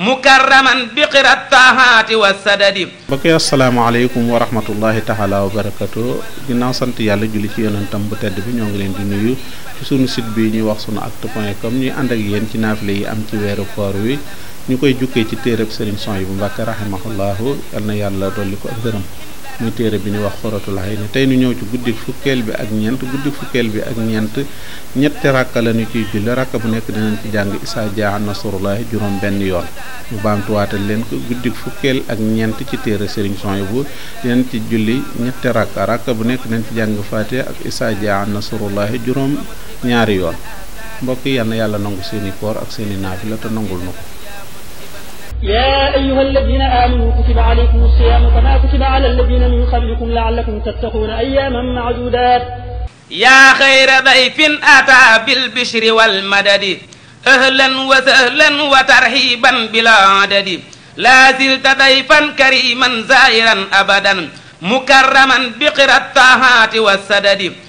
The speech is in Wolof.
mukarraman bi qirat tahaati wa sadadi mbokk yi asalaamaaleykum wa rahmatullahi taala wa barakatu ginnaaw sant yàlla julli ci yonentam bu tedd bi ñoo ngi leen di nuyu ci sunu site bi ñuy wax sunu ak point com ñuy ànd ak yéen ci naafile yi am ci weeru koor wi ñu koy jukkee ci téereb sëriñ son yi bu mbàkke rahimahullahu yal na yàlla dolli ko ak gërëm muy téere bi ni wax xoratul hayni tey nu ñëw ci guddik fukkeel bi ak ñeent guddik fukkeel bi ak ñeent ñetti ràkka la ñu ciy julli ràkka bu nekk dinañ ci jàng isaa jaa nasrullahi juróom benn yoon ñu baamtuwaatal leen ko guddik fukkeel ak ñeent ci téere sëriñ Souhaïbou dinañ ci julli ñetti ràkka ràkka bu nekk dinañ ci jàng faatiha ak isaa jaa nasrullahi juróom ñaari yoon mbokk yi yàlla nangu seeni koor ak seeni naafila te nangul na ko kutiba alaykum siyaamu kama kutiba ala alladina min qablikum laallakum tattaquuna ayaaman maadudaat yaa xayra dayfin ataa bilbishri walmadadi ahlan wa sahlan wa tarxiban bila adadi laa silta dayfan kariman zairan abadan mukarraman biqira taahaati wasadadi